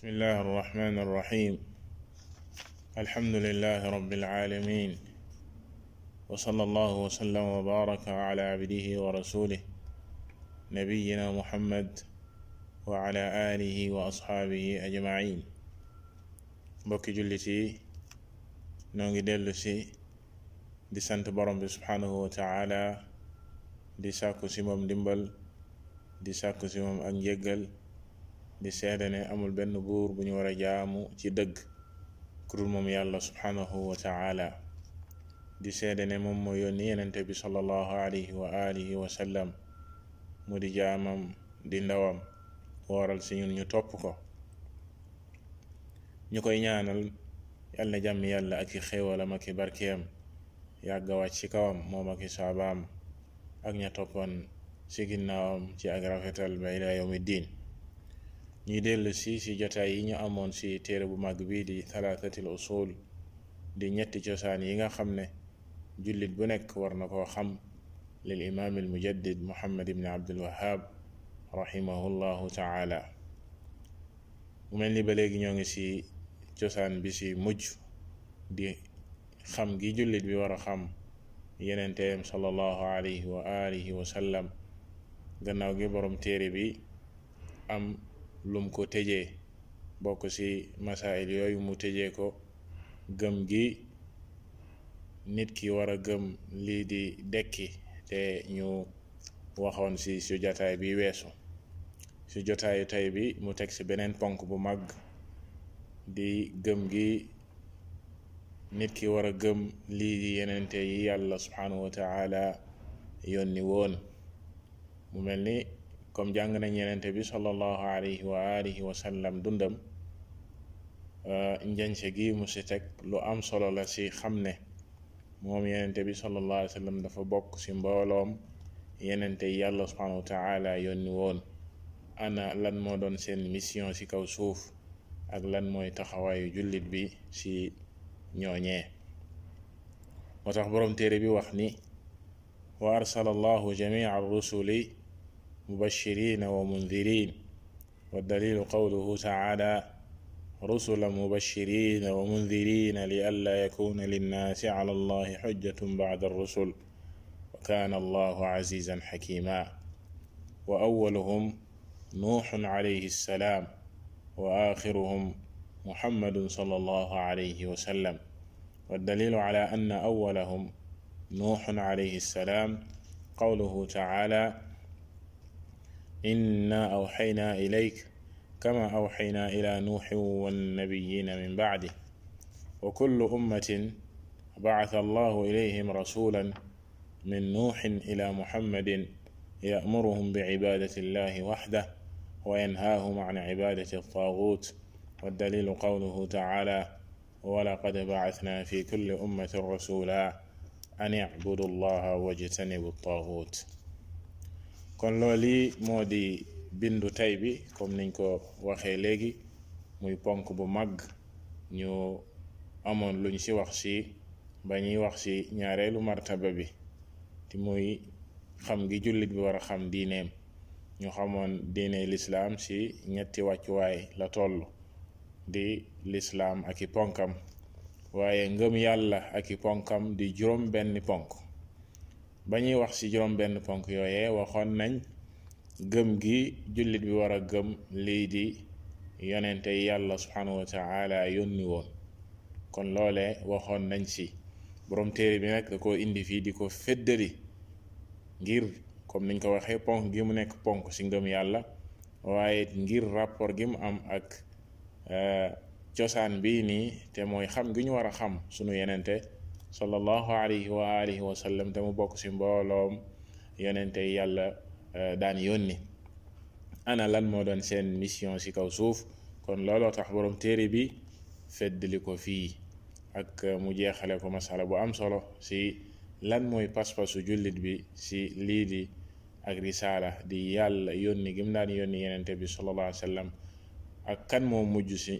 بسم الله الرحمن الرحيم الحمد لله رب العالمين وصلى الله وسلم وبارك على عبده ورسوله نبينا محمد وعلى آله وأصحابه أجمعين بوكي جلتي نونغي دلسي دي sant برمب سبحانه وتعالى دي ساكو di sàkku دي ساكو ndimbal di di seede ne amul benn buur bu ñu war a jaamu ci dëgg ku dul moom yàlla subhanahu wa di seede ne moom moo yónni yenente bi sallallahu alayhi wa alihi wa sallam di jaamam di ndawam waral si ñun ñu topp ko ñu koy ñaanal yàlla na jàmm ak i xéewalam ak i barkeem yàgga wàcc ci kawam moom ak i saabaam ak ña toppoon ci ginnaawam ci ak rafetal ba diin ñuy dell si si jotaay yi ñu amoon si téere bu mag bii di thalathatil usul di ñetti cosaan yi nga xam ne jullit bu nekk war na koo xam lil imaam al mujaddid muhammad ibn abdul wahab taala mu mel ni ba léegi ñoo ngi ci cosaan bi ci mujj di xam gi jullit bi war a xam yeneenteem sallallahu alayhi wa alihi gannaaw gi borom téere bi am lum ko tëjee bokk ci masaayil yooyu mu tëjee ko gëm gi nit ki war gëm lii di dekki te ñu waxoon ci su jotaay bi weesu su jotaayu tey bi mu teg ci beneen ponk bu mag di gëm gi nit ki wara gëm lii di yenente yi yàlla subhanahu wa taala woon mu mel ni comme jàng nañ yenente bi sallallahu alayhi wa alihi wa sallam dundam njance gi mu si teg lu am solo la si xam ne moom yenente bi sallallahu alayhi wa sallam dafa bokk si mbooloom yenente yàlla subhanahu wa taala yónni woon ana lan moo doon seen mission si kaw suuf ak lan mooy taxawaayu jullit bi si ñooñee moo tax borom téere bi wax ni wa arsala allahu jamia rusuli مبشرين ومنذرين والدليل قوله تعالى رسلا مبشرين ومنذرين لئلا يكون للناس على الله حجة بعد الرسل وكان الله عزيزا حكيما وأولهم نوح عليه السلام وآخرهم محمد صلى الله عليه وسلم والدليل على أن أولهم نوح عليه السلام قوله تعالى إنا أوحينا إليك كما أوحينا إلى نوح والنبيين من بعده وكل أمة بعث الله إليهم رسولا من نوح إلى محمد يأمرهم بعبادة الله وحده وينهاهم عن عبادة الطاغوت والدليل قوله تعالى ولقد بعثنا في كل أمة رسولا أن اعبدوا الله واجتنبوا الطاغوت kon loolu moo di bindu tey bi comme niñ ko waxee léegi muy ponk bu mag ñu amoon luñ ci wax si ba ñuy wax ci ñaareelu martaba bi te muy xam ngi jullit bi war a xam diineem ñu xamoon diine lislaam ci ñetti wàccuwaay la toll di lislaam ak i ponkam waaye ngëm yàlla ak i ponkam di juróom benn ponk bañuy wax ci juróom benn ponk yooyee waxoon nañ gëm gi jullit bi war a gëm lii di yonente yàlla subhanahu wa taala yónni woon kon loole waxoon nañ ci borom téere bi nag da koo indi fii di ko feddali ngir comme niñ ko waxee ponk gi mu nekk ponk ci ngëm yàlla waaye ngir rapport gi mu am ak eh, cosaan bii nii te mooy xam gi ñu war a xam sunu yenente صلى الله عليه وآله وسلم دمو بوك سيمبولوم يونتي يالا دان يوني انا لان مودون سين ميسيون سي كاو سوف كون لولو تخ بروم تيري بي فد في اك مو جيخالي كو مساله بو ام سولو سي لان موي باس باس جوليت بي سي ليدي اك رساله دي يالا يوني گيم دان يوني يونتي بي صلى الله عليه وسلم اك كان مو موجو سي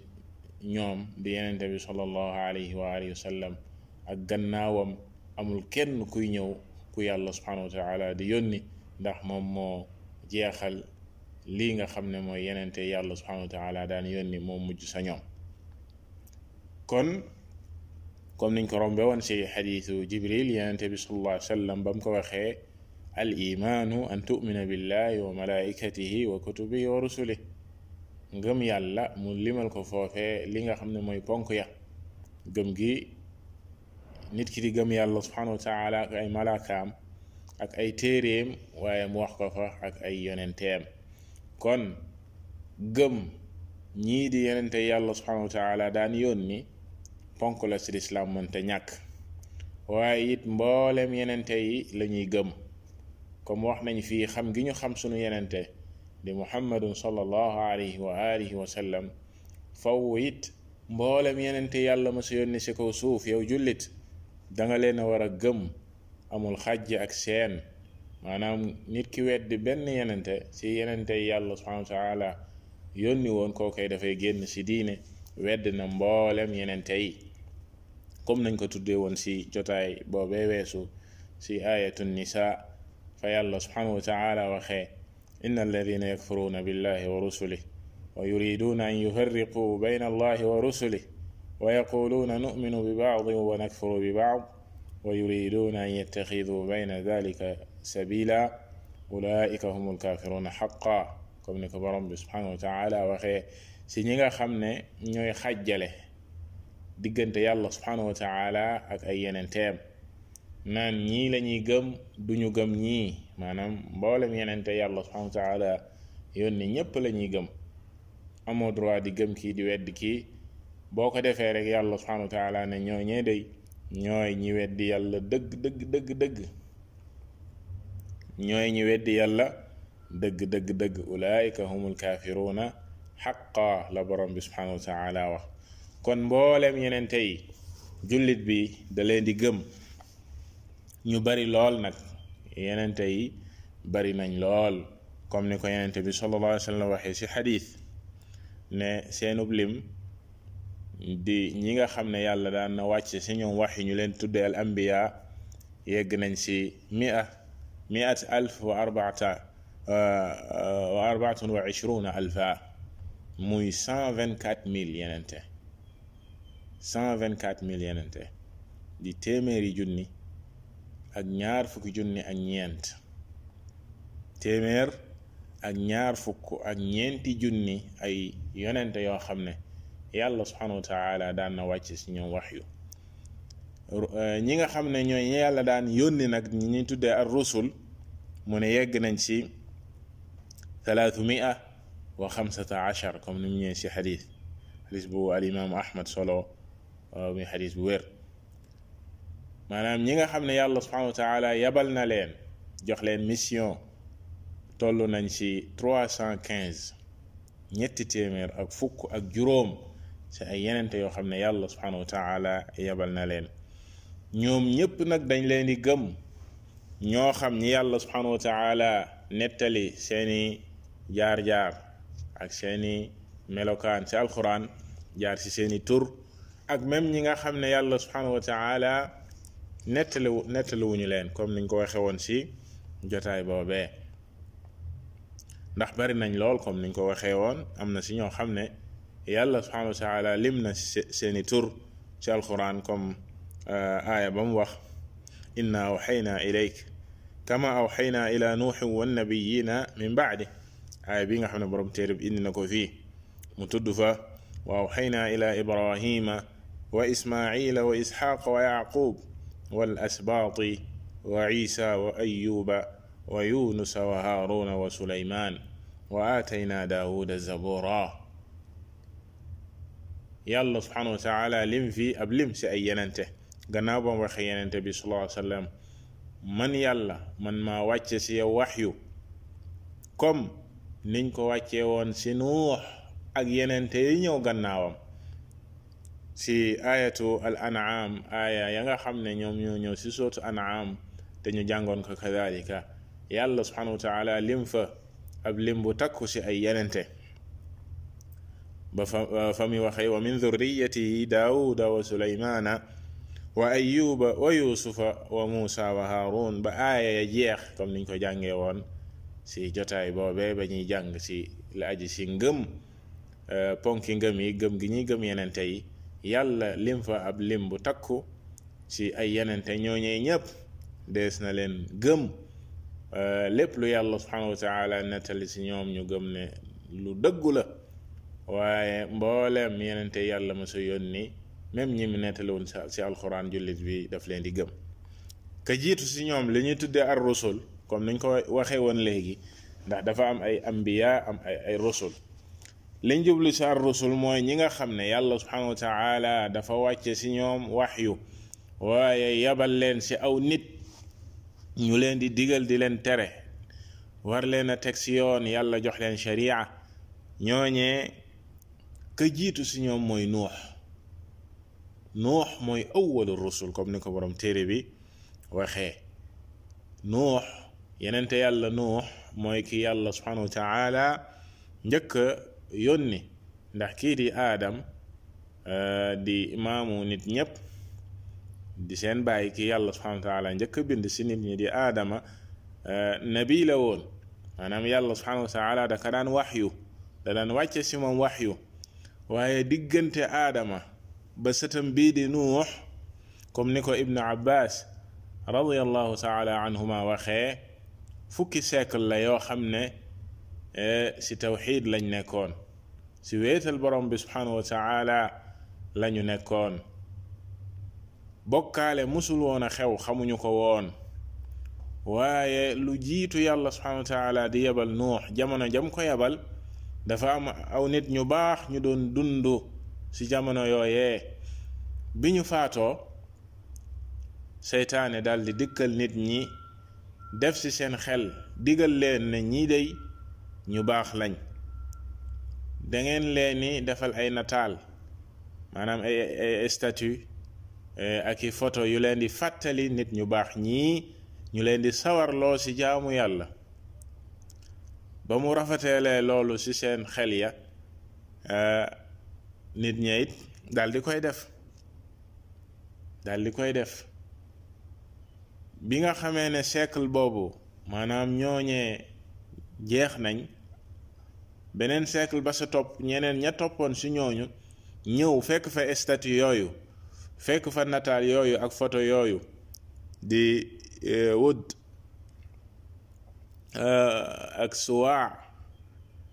نيوم دي يونتي بي صلى الله عليه واله وسلم ak gannaawam amul kenn kuy ñëw ku yàlla subhanahu wa taala di yónni ndax moom moo jeexal lii nga xam ne mooy yenente yàlla subhanahu wa taala daan yónni moo mujj sa ñoom kon comme niñ ko rombe woon si xadiisu jibril yenente bi sallallahu alayhi sallam ba mu ko waxee al imaanu an tumina billahi wa malaikatihi wa kutubihi wa rusuli ngëm yàlla mu limal ko foofee li nga xam ne mooy ponk ya gëm gi nit ki di gëm yàlla subhanahu wa taala ak ay malaakaam ak ay téeréem waaye mu wax ko fa ak ay yonenteem kon gëm ñii di yonente yàlla subhanahu wa taala daan yónni ponk la si lislaam mënta ñàkk waaye it mboolem yenente yi la ñuy gëm comme wax nañ fii xam gi ñu xam sunu yenente di muhammadun sallallahu alayhi wa alihi wa sallam faw it mboolem yenente yàlla ma sa yónni si kaw suuf yow jullit da nga leen a gëm amul xajj ak seen manam nit ki wedd ben yenente si yenente yàlla subhanahu wa taala ko kay da fay génn ci diine wedd na mboolem yenente yi comme nagn ko tuddee woon si jotaay boobee weesu si ayatu nisa fa yàlla subhanahu wa taala khay inna alladina yakfuruna billahi wa rusulihi wa yuriduna an yufarriquu bayna allahi wa rusulihi ويقولون نؤمن ببعض ونكفر ببعض ويريدون أن يتخذوا بين ذلك سبيلا أولئك هم الكافرون حقا كم نكبرهم سبحانه وتعالى وخي سنجا خمنا نوي خجلة ديغنت الله سبحانه وتعالى أك أي ننتيم نان ني لني غم دونيو غم ني مانام بولم يننت يالله سبحانه وتعالى يوني نيب لني غم امو دروا دي كي دي ويد كي boo ko defee rek yàlla subhanahu wa ne ñoo ñee day ñooy ñi weddi yàlla dëgg dëgg dëgg dëgg ñooy ñi weddi yàlla dëgg dëgg dëgg ulaayika humul kaafiruuna xaqa la borom bi subhanahu wa wax kon mbooleem yeneen tey jullit bi da leen di gëm ñu bari lool nag yenente yi bari nañ lool comme ni ko yenente bi sallallahu alayhi wa waxee ci xadiis ne seenub lim di ñi nga xam ne yàlla daan na wàcc si ñoom wax yi ñu leen tuddee al ambiya yegg nañ si mi miat alf wa arbaata euh, euh, wa arbaatun wa ishruna muy cent vingt quatre mille yenente cent vingt quatre mille di téeméeri junni ak ñaar fukki junni ak ñeent téeméer ak ñaar fukk ak ñeenti junni ay yonente yoo xam ne e allah subhanahu wa taala daan na wàcc si ñoom waxyu ñi nga xam ne ñooy ñi yàlla daan yónni nag ñi ñuy tuddee ar rusul mu ne yegg nañ ci thalathumia comme ni mu ñëwee si hadith xadis bu al imaamu ahmad solo muy xadis bu wér maanaam ñi nga xam yàlla subhanahu wa taala yabal na leen jox leen mission toll nañ ci trois cent quinze ñetti téeméer ak fukk ak juróom ci ay yenente yoo xam ne yàlla subhanahu wa taala yebal na leen ñoom ñépp nag dañ leen di gëm ñoo xam ñi yàlla subhanahu wa taala nettali seeni jaar-jaar ak seeni melokaan ci alquran jaar ci seeni tur ak même ñi nga xam ne yàlla subhanahu wa taala nettali nettaliwuñu leen comme niñ ko waxe woon ci jotaay boobee ndax bari nañ lool comme niñ ko waxee woon am na si ñoo xam ne e allah subhanahu wa taala limna seeni tur ci alquran comme aya ba mu wax inna awxayna ilayk kama awxayna ila nuuxin wannabiyina min bacdi aya bi nga xam ne borom téere bi indi na ko fii mu tudd fa wa awxayna ila ibrahima wa ismaila wa isxaqa wa wal wa wa wa yunus wa وأيوب wa وهارون wa وآتينا daawuda الزبورا yàlla subhanahu wa lim fii ab lim si ay yenente gannaaw ba mu yenente bi sallallahu alayhi wa man yàlla man maa wàcce si yow waxyu comme niñ ko wàccee woon si nuux ak yenente yi ñëw gannaawam si ayatu al anaam aaya ya nga xam ne ñoom ñoo ñëw si sootu anaam dañu jàngoon ko kadalika yàlla subhanahu wa taala lim fa ab lim bu takku ci ay yenente ba fa fa mi waxee wa min dhurriyatihi daawuda wa suleymaana wa ayuba wa yusufa wa muusa wa haarun ba aaya ya jeex comme niñ ko jàngee woon si jotaay boobee ba ñuy jàng si la aji si ngëm euh, ponki ngëm yi gëm gi ñuy gëm yenente yi yàlla lim fa ab lim bu takku si ay yenente ñooñee ñëpp dees na leen gëm euh, lépp lu yàlla subhanahu wa taala nettali si ñoom ñu gëm ne lu dëggu la waaye mbooleem yenente yàlla mosa yónni même ñi mu nettali woon si alxuraan jullit bi daf leen di gëm ka jiitu si ñoom li ñuy tuddee ar rusul comme niñ ko waxee woon léegi ndax dafa am ay ambiya am ay ay rusul liñ jublu si ar rusul mooy ñi nga xam ne yàlla subhanahu wa dafa wàcce si ñoom wax waxyu waaye yabal leen si aw nit ñu leen di digal di leen tere war leen a teg si yoon yàlla jox leen sharia ñooñee ka jiitu si ñoom mooy nuux nuux mooy awalu rusul comme ni ko borom téere bi waxee nuux yenente yàlla nuux mooy ki yàlla subhanahu wa njëkk a yónni ndax kii di aadam euh, di imaamu nit ñëpp di seen bàyyi ki yàlla subhanahu wa taala njëkk bind si nit ñi di aadama euh, nabi la woon maanaam yàlla subhanahu wa taala da ka daan waxyu da daan wàcce si moom waxyu waye diggante adama ba sëtam bi di nuux comme niko ibn abbas radiyallahu taala anhuma wa khe fukki siècle la yo xamne euh ci tawhid lañ nekkon ci wetal borom bi subhanahu wa taala lañu nekkon bokale musul wona xew xamuñu ko won waye lu jitu yàlla subhanahu wa taala di yabal nuux jamono jam ko yabal dafa am aw nit ñu baax ñu doon dund ci jamono yooye bi ñu faatoo seytaane daldi dikkal nit ñi def ci seen xel diggal leen ne ñii dey ñu baax lañ dangeen leen ni defal ay nataal maanaam ay ay statue eh, ak i photo yu leen di fàttali nit ñu baax ñii ñu leen di sawarloo ci jaamu yàlla ba mu rafeteelee loolu ci seen xel ya eh, nit ña it daal koy def daal koy def bi nga xamee ne siècle boobu maanaam ñooñee jeex nañ beneen siècle ba sa topp ñeneen ña toppoon ci ñooñu ñëw fekk fa statue yooyu fekk fa nataal yooyu ak photo yooyu di eh, wut آه، أكسواع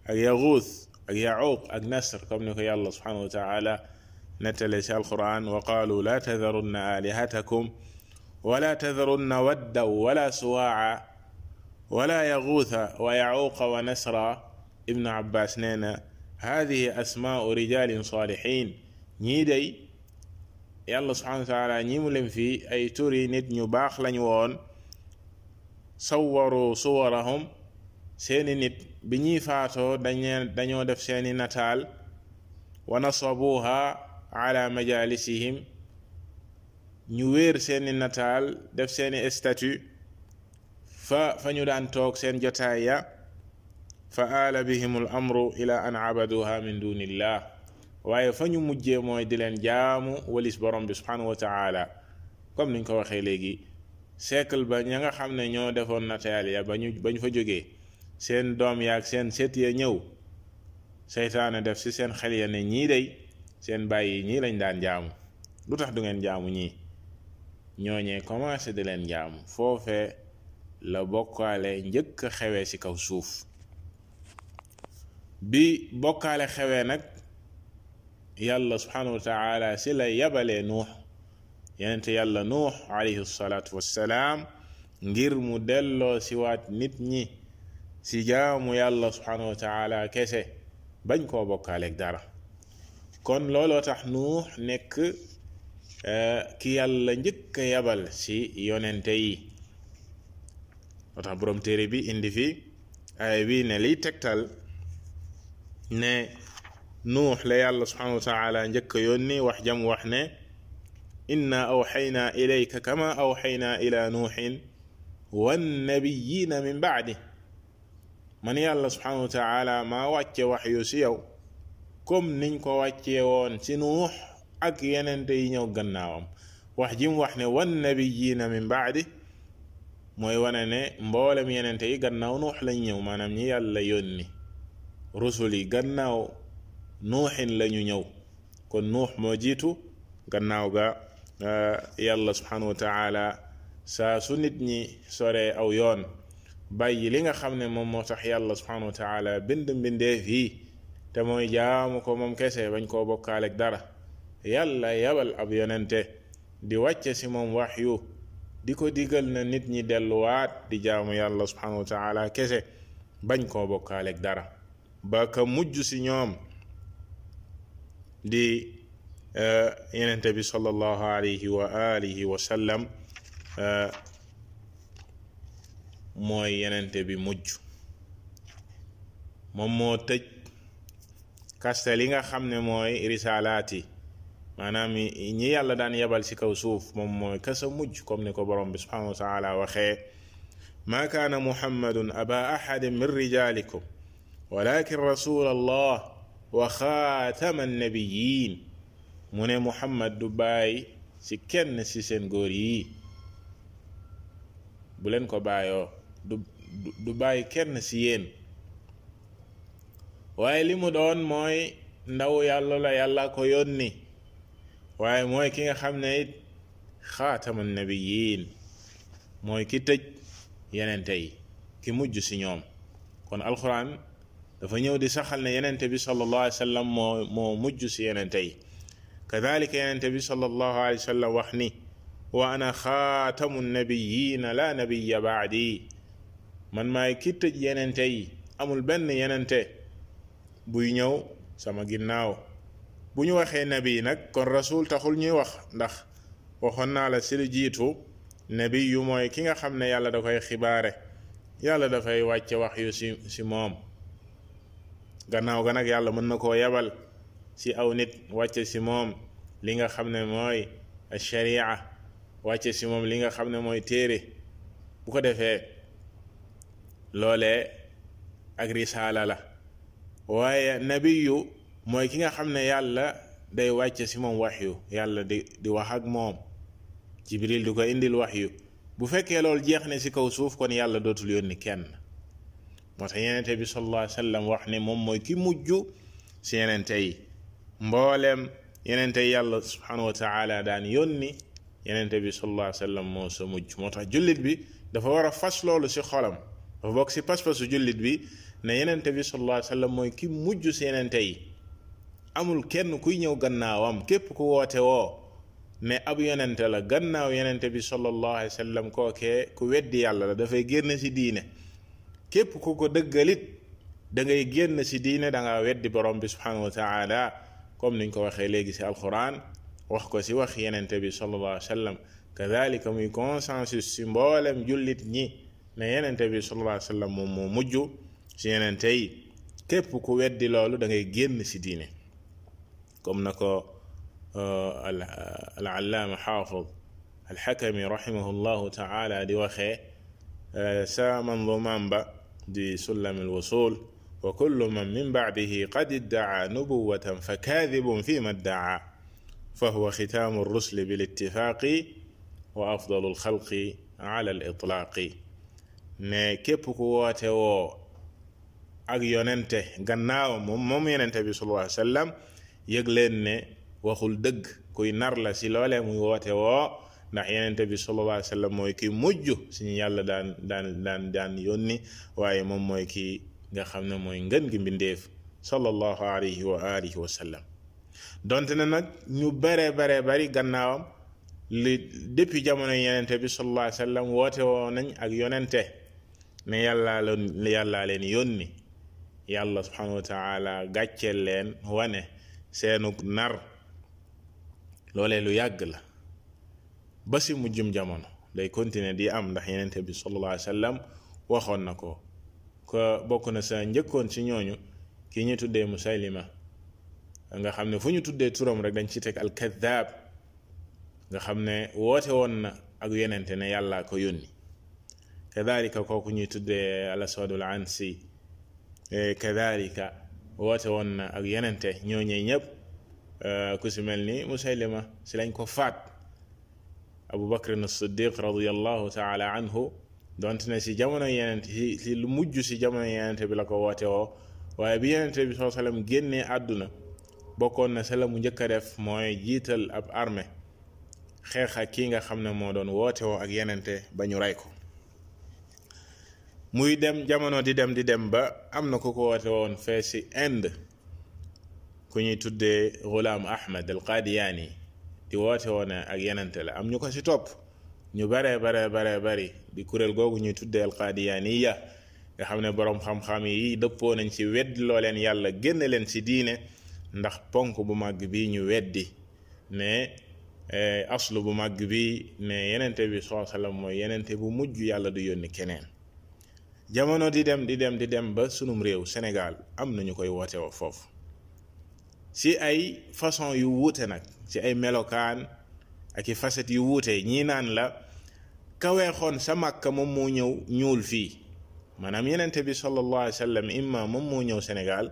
يغوث يعوق النسر كم الله سبحانه وتعالى نتلش القرآن وقالوا لا تذرن آلهتكم ولا تذرن ودا ولا سواعا ولا يغوث ويعوق ونسرا ابن عباس نينا هذه أسماء رجال صالحين نيدي يالله سبحانه وتعالى نيملم في أي تري باخ لا نيون sawwaroo suwarahum seeni nit bi ñuy faatoo dañee dañoo def seeni nataal wa nasabuha ala majalisihim ñu wéer seeni nataal def seeni statut fa fa ñu daan toog seen jotaay ya fa aala bihimul amru ila an abaduha min dunillah waaye fa ñu mujjee mooy di leen jaamu walis borom bi subhanahu wa taala comme niñ ko waxee léegi siècle ba ña nga xam ne ñoo defoon nataal ya ba ñu bañ fa jógee seen doom yaag seen sët ya ñëw seytaane def ci seen xel ya ne ñii day seen bàyyi ñii lañ daan jaamu lu tax du ngeen jaamu ñii ñooñee commencé di leen jaamu foofee la bokkaale njëkk a xewee ci kaw suuf bi bokkaale xewee nag yàlla subhanahu wa taala ci la yabalee nuux yonente yàlla nuh alayhi salatu wassalam ngir mu dello delloo wat nit ñi si jaamu yàlla subhanahu wa taala kese bañ bokale ak dara kon lolo tax nuh nek euh ki yàlla njëkk yabal si yonente yi moo borom tere bi indi fi ay wi ne li tektal ne nuux la yàlla subhanahu wa taala njëkk yónni wax jam wax ne inna awxaynaa ilayka kama awxaynaa ilaa nuuxin wannabiyiina min bacdi man yàlla subhaanahu wa taala maa wàcce wax yu si yow comme niñ ko wàccee woon si nuux ak yenente yi ñëw gannaawam wax ji mu wax ne wannabiyiina min bacdi mooy wane ne mboolem yenente yi gannaaw nuux lañ ñëw maanaam ñi yàlla yónni rusul yi gannaaw nuuxin lañu ñëw kon nuux moo jiitu gannaaw ga Eh, yàlla subhanahu wa taala saa su nit ñi soree aw yoon bàyyi li nga xam ne moom moo tax yàlla subhanahu wa taala bind mbindeef yi te mooy jaamu ko moom kese bañ koo bokkaaleeg dara yàlla yabal ab yonente di wàcce si moom wax yu di ko digal na nit ñi delluwaat di jaamu yàlla subhanahu wa taala kese bañ koo bokkaaleeg dara ba ka mujj si ñoom di yonent bi sallallahu alayhi wa alihi wa sallam mooy yonent bi mujj moom moo tëj kaste li nga xam ne mooy risaalaat yi maanaam ñi yàlla daan yebal ci kaw suuf moom mooy kasa mujj comme ni ko borom bi subhanahu wa taala waxee ما كان محمد أبا أحد من رجالكم ولكن رسول الله وخاتم النبيين mu ne muhammad du bàyyi ci kenn ci seen góor yi bu leen ko bàyyoo du du bàyyi kenn ci yéen waaye li mu doon mooy ndaw yàlla la yàlla ko yónni waaye mooy ki nga xam ne it xaatama nabiyiin mooy ki tëj yenente yi ki mujj ci ñoom kon alxuraan dafa ñëw di saxal ne yenente bi sallallahu alayhi wa moo moo mujj ci yenente yi كذلك يا النبي صلى الله عليه وسلم وحني وانا خاتم النبيين لا نبي بعدي من ماي كيت يننتي امول بن يننتي بوي نيو سما غيناو بو وخي نبي نك كون رسول تخول ني وخ ندخ وخون نالا سيري جيتو نبي موي كيغا خامن يالا داكاي خبار يالا دافاي واتي وخ يو سي موم غناو غناك يالا من نكو يبال si aw nit wàcce si mom li nga xamne moy mooy sharia wàcce si mom li nga xamne moy téré bu ko défé lolé ak risala la waye nabiyyu moy ki nga xamne yàlla day wàcce si mom wahyu yàlla di di wax ak mom jibril du ko indil wahyu bu fekke lol jeexne ci kaw suuf kon yàlla dotul yónni kenn motax tax yenente bi sallallahu alayhi wasallam wax ne mom moy ki mujju ci yenen tay mboolem yenente yàlla subhanahu wa taala dan yónni yenente bi sallallahu alayhi wasallam mo so mujj mota julit bi dafa wara fas lolou ci xolam dafa bok ci pas-pasu julit bi ne yenente bi sallallahu alayhi wasallam moy ki mujj si yenente yi amul kenn kuy ñëw gannaawam kep ku wote wo ne ab yenente la gannaaw yenente bi sallallahu alayhi wasallam ko ke ku weddi yàlla la fay génn ci diine kep ku ko dëggalit da ngay génn ci diine da nga weddi borom bi subhanahu wa taala comme niñ ko waxé légui ci alcorane wax ko ci wax yenente bi sallallahu alayhi wasallam kadhalika muy consensus ci mboolem julit ñi ne yenente bi sallallahu alayhi wasallam mo mo mujju ci si yenente yi képp ku weddi lolu da ngay génn ci diine comme nako na ko العلامة حافظ الحكمي رحمه ta'ala di waxé sa man منظومان di sulam al wusul وكل من من بعده قد ادعى نبوة فكاذب فيما ادعى فهو ختام الرسل بالاتفاق وأفضل الخلق على الإطلاق نكيب قواته أغيون أنت قناو مؤمن أنت صلى الله عليه وسلم يقلن وخل دق كوي نار لا سي لولا مو واتو نا يانت بي صلى الله عليه وسلم موي كي مجو سي يالا دان دان دان دان يوني واي موم nga xamne moy ngeen gi mbindeef sallallahu alayhi wa alihi wa sallam donte na nak ñu bare bare bari gannaawam li depuis jamono yenente bi sallallahu alayhi wa sallam wote wonañ ak yonente ne yalla leen yalla len yónni yàlla subhanahu wa taala gatchel len wone senu nar lolé lu yag la basi si mujjum jamono day continuer di am ndax yenente bi sallallahu alayhi wa sallam waxon nako ko bokk na sa njëkkoon ci ñooñu ki ñu tuddee musaylima nga xam ne fu ñu tuddee turam rek dañ ci teg al nga xam ne woote woon na ak yenente ne yàlla ko yónni kadhalika kooku ñuy tuddee al aswadul ansi e, kadhalika woote woon na ak yenente ñooñee ñëpp e, ku si mel ni musaylima si lañ ko faat abu bakrin as siddiq radiallahu taala anhu dont ne si jamono yenente si si lu mujj ci jamono yenente bi la ko woote woo waaye bi yenente bi soo sallam génnee àdduna bokkoon na sela la mu njëkk a def mooy jiital ab armée xeex ak kii nga xam ne moo doon woote woo ak yenente ba ñu rey ko muy dem jamono di dem di dem ba am na ku ko woote woon fee ci Inde ku ñuy tuddee Ghulam Ahmad al yi di woote woon ak yenente la am ñu ko ci topp ñu baree baree baree bari di kuréel googu ñuy tuddee alqaadiyaniya nga xam ne boroom xam-xam yi dëppoo nañ ci weddi loo leen yàlla génne leen ci diine ndax ponk bu màgg bi ñu weddi ne e, aslu bu màgg bi ne yenente bi soo salaam mooy yenente bu mujj yàlla du yónni keneen jamono di dem di dem di dem ba sunum réew Sénégal am na ñu koy woote wa foofu ci ay façon yu wuute nag ci ay melokaan ak i facettes yu wuute ñii naan la ka weexoon sa màkka moom moo ñëw ñuul fii maanaam yenente bi sallallahu alayhi wa sallam imma moom moo ñëw Sénégal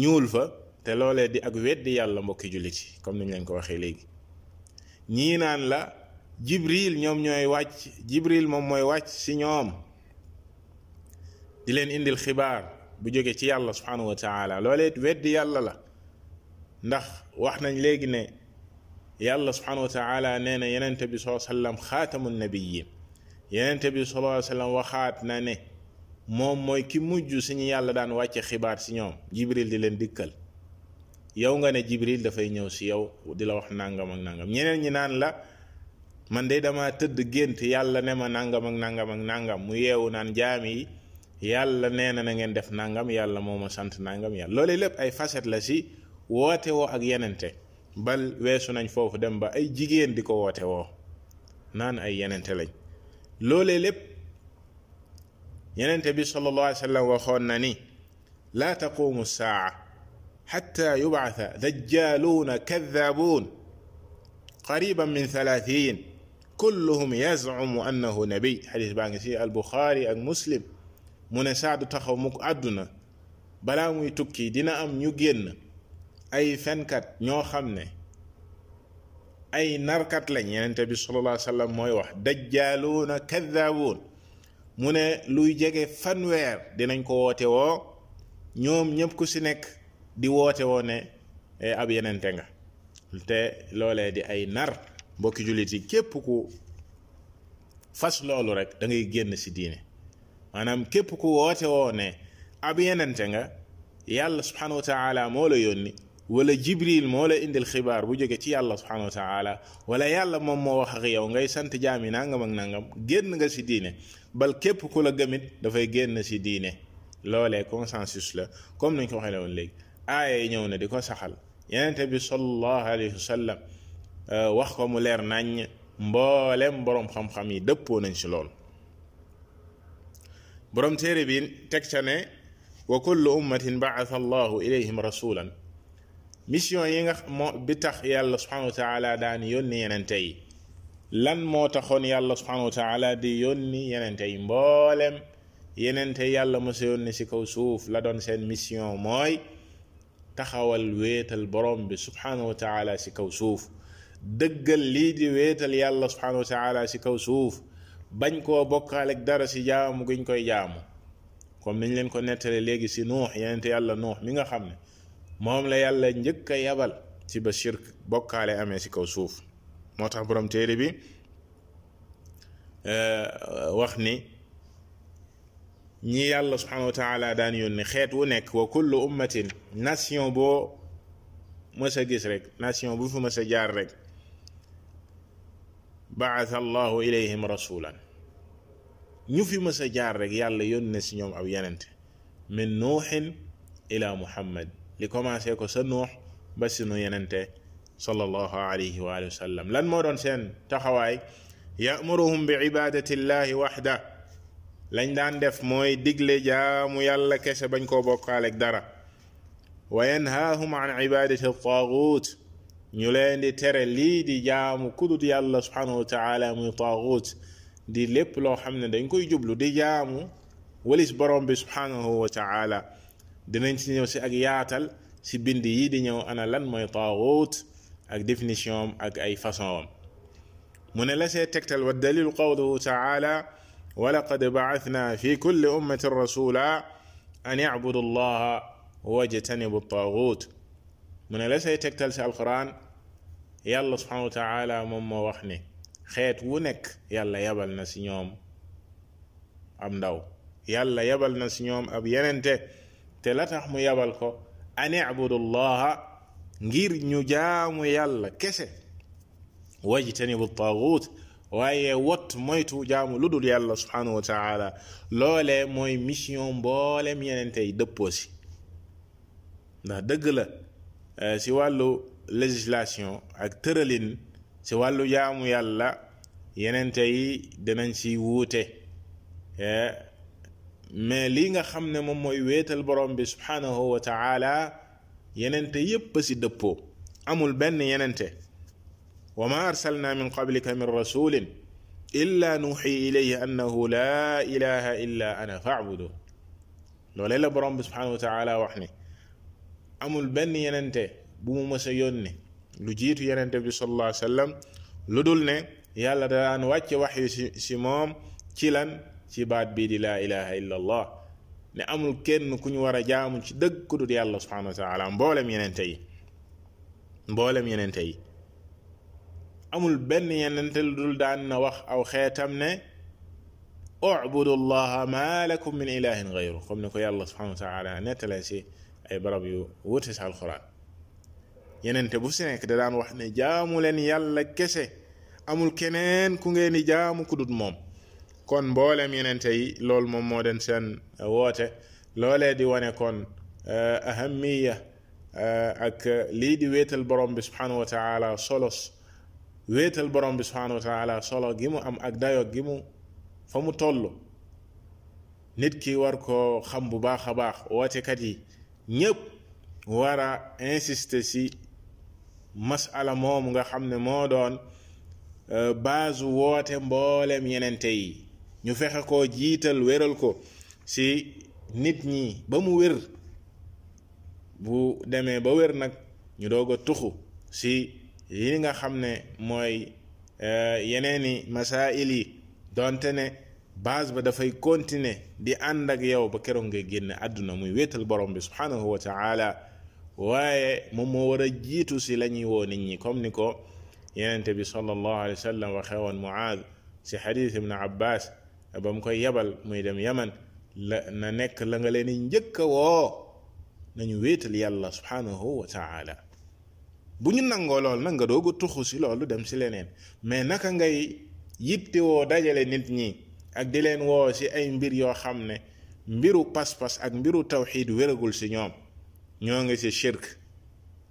ñuul fa te loolee di ak weddi yàlla mbokki jullit yi comme niñ leen ko waxee léegi ñii naan la jibril ñoom ñooy wàcc jibril moom mooy wàcc si ñoom di leen indil xibaar bu jóge ci yàlla subhanahu wa taala loolee weddi yàlla la ndax wax nañ léegi ne يا الله سبحانه وتعالى نينا ينتبي صلى الله عليه وسلم خاتم النبيين ينتبي صلى الله عليه وسلم وخات ناني موم موي كي موجو سيني يالا دان واتي خبار سي جبريل دي لين ديكال ياو غا جبريل دا فاي نيو سي ياو دي لا واخ نانغام اك نانغام نينن ني نان لا من دي داما تد الله يالا نما نانغام اك نانغام اك نانغام مو ييو نان جامي يالا نينا نا نين ديف نانغام يالا موما سانت نانغام يالا لولي لب اي فاسيت لا سي ووتو اك يننتي bal weesu nañ foofu dem ba ay jigéen di ko woote woo naan ay yenente lañ loole lépp yenente bi sallallahu alayhi wa waxoon na ni laa taqumu saa xatta yubaata dajjaaluuna kadaabuun qariban min thalathin kulluhum yazcumu annahu nabiy xadis baa ngi si albuxaari ak muslim mu ne saadu taxaw mukk àdduna balaa muy tukki dina am ñu génn ay fenkat ñoo xam ne ay narkat lañ yenente bi sallallahu alayhi wa sallam mooy wax dajjaaluuna kaddaawuun mu ne luy jege fanweer dinañ ko woote woo ñoom ñëpp ku si nekk di woote woo ne e, ab yenente nga te loolee di ay nar mbokki jullit yi képp ku fas loolu rek dangay génn si diine maanaam képp ku woote woo ne ab yenente nga yàlla subhanahu wa moo la yónni ولا جبريل مولا عند الخبر بو تي الله سبحانه وتعالى ولا يالا موم مو واخ ياو غاي جامي نانغام اك نانغام ген غا سي دينه بل كيب كولا غاميت دا فاي ген سي دينه لولا كونسنسوس لا كوم نانكو واخا لون ليك اي نيو نا ديكو ساخال يانت يعني بي صلى الله عليه وسلم آه، واخ كو مو لير ناني مبولم بروم خام خامي دپو نانسي لول بروم تيري بين تكتاني وكل امه بعث الله اليهم رسولا mission yi nga bi tax yàlla subhanahu wa taala daan yónni yenente yi lan mo taxone yàlla subhanahu wa taala di yónni yenente yi mboolem yenente yàlla mo se yónni ci kaw suuf la don sen mission moy taxawal wetal borom bi subhanahu wa taala ci kaw suuf deugal li di wetal yàlla subhanahu wa taala ci kaw suuf ko bokal ak dara ci jaamu guñ koy jaamu comme niñ len ko nettale léegi si nuux yenente yàlla nuh mi nga xamne moom la yàlla njëkk a yabal ci ba shirk bokkaale amee ci kaw suuf moo tax borom téere bi wax ni ñi yàlla subhanahu wa taala daan yónni xeet wu nekk wa kullu ummatin nation boo mës a gis rek nation bu fi mës a jaar rek baatha allahu ilayhim rasulan ñu fi mës a jaar rek yàlla yónne si ñoom ab yenente min nuuxin ila muhammad li commencé ko sa nuh ba sinu yenente sallallahu alayhi wa sallam lan mo don sen taxaway ya'muruhum bi ibadati llahi wahda lañ dan def moy digle jaamu yàlla kese bañ koo ak dara wa yanhaahum an ibadati taaguut ñu leen di tere lii di jaamu kudut yàlla subhanahu wa taala muy taaguut di lépp loo xam ne dañ koy jublu di jaamu walis borom bi subhanahu wa taala dinañ ci ñëw si ak yaatal si bind yi di ñëw ana lan mooy taaxuut ak définition am ak ay façon am mu ne la see tegtal wa dalil qawluhu taala ولقد بعثنا في كل أمة رسولا أن يعبدوا الله واجتنبوا الطاغوت من ليس يتكتل القرآن يلا سبحانه وتعالى مما وحني خيت ونك يلا يبل نسيوم أم داو يلا يبل نسيوم أب يننته te la tax mu yabal ko an ibudullaha ngir ñu jaamu yàlla kesse wajtani bu taaguut waye wot moytu jaamu lu yàlla subhanahu wa taala lolé moy mission mboolem yenentey dëppoo si ndax deug la ci walu législation ak tëralin ci walu jaamu yàlla yenente yi dinañ wuté eh mais li nga xamne mom moy wétal borom bi subhanahu wa taala yenente yep ci depo amul ben yenente wama arsalna min qablika min rasul illa nuhi ilayhi annahu la ilaha illa ana fabudu lolé la borom bi subhanahu wa taala wax amul ben yenente bu mu mës yónni lu jitu yenente bi sallallahu alayhi wasallam ludul ne yàlla da an wàcce wax ci mom ci lan ci baat bii di laa ilaha illa allah ne amul kenn ku ñu war a jaamu ci dëgg ku dul yàlla subhanahu wa taala mboolem yenente yi mboolem yenente yi amul benn yenente lu dul daan na wax aw xeetam ne ubudu allaha ma lakum min ilahin gayru comme ne ko yàlla subhanahu wa taala nettale si ay barab yu wute si alquran yenente bu si nekk da daan wax ne jaamu leen yàlla kese amul keneen ku ngeen di jaamu ku dut moom kon mboolem yonente yi lol moom moden sen wote lolé di woné kon ahamiya ak li di wetal borom bi subhanahu wa taala solos wetal borom bi subhanahu wa taala solo gimu am ak dayo gimu famu fa nit ki war ko xam bu baax a baax wootekat yi ñépp wara insister masala mom nga xamne mo doon base wote mbolem yenente yi ñu fexe ko jiital wéral ko si nit ñi ba mu wér bu demee ba wér nag ñu doog a tuxu si yi nga xam ne mooy euh, yeneeni masail yi donte ne base ba dafay continuer di ànd ak yow ba keroog nga génne àdduna muy wéetal borom bi subhanahu wa taala waaye moom moo war a jiitu si la ñuy woo nit ñi comme ni ko yenente bi sallallahu alayhi wa sallam waxee woon Muaad ci xadiis ibn Abbas bam koy yabal muy dem yaman na nek la nga leni ñeuk wo nañu wétal yàlla subhanahu wa taala bu ñu nangoo lool nag nga dogu tuxu ci lolou dem ci leneen mais naka ngay yitté wo dajale nit ñi ak di len wo ci ay mbir yo xamné mbiru pass pass ak mbiru tawhid wéragul ci ñom ñoo ngi si shirk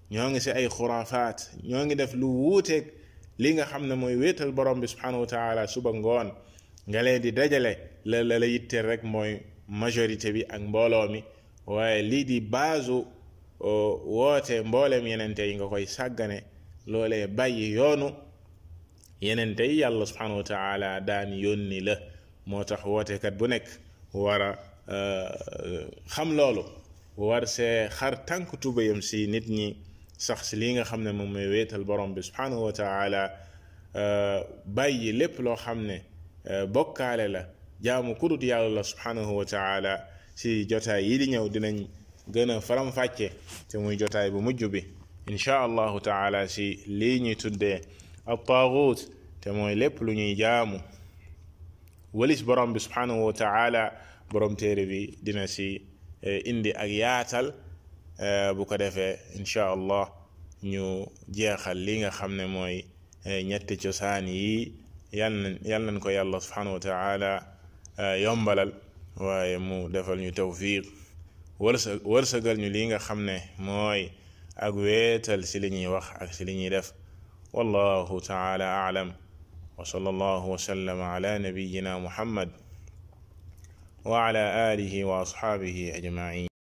ñoo ngi si ay khurafat ñoo ngi def lu wuuteeg li nga xamné moy wétal borom bi subhanahu wa taala suba ngoon nga leen di dajale la la la yitteel rek mooy majorité bi ak mbooloo mi waaye lii di baasu woote mboolem yenente yi nga koy sàggane loolee bàyyi yoonu yenente yi yàlla subhanahu wa taala daan yónni la moo tax wootekat bu nekk war a xam loolu war see xar tànk tubayam si nit ñi sax si lii nga xam ne moom mooy wéetal borom bi subhanahu wa taala bàyyi lépp loo xam ne Eh, bokkaale la jaamu kudut yàlla la subhanahu wa taala jotaay yi di ñëw dinañ gën a faram-fàcce te muy jotaay bu mujj bi inchaa allahu taala ci lii ñuy tuddee al taaguut te mooy lépp lu ñuy jaamu walis borom bi subhanahu wa borom téere bi dina si eh, indi ak yaatal eh, bu ko defee inchaa allah ñu jeexal li nga xam ne mooy ñetti cosaan yi yal nañ ko yàlla subhanahu wa taala yombalal waaye mu defal ñu tawfiq wërsëg wërsëgal ñu lii nga xam ne mooy ak weetal si li ñuy wax ak si li ñuy def wallahu taala aalam wa sallallahu wa sallama ala nabiyina muhammad wa ala alihi wa ashabihi ajmain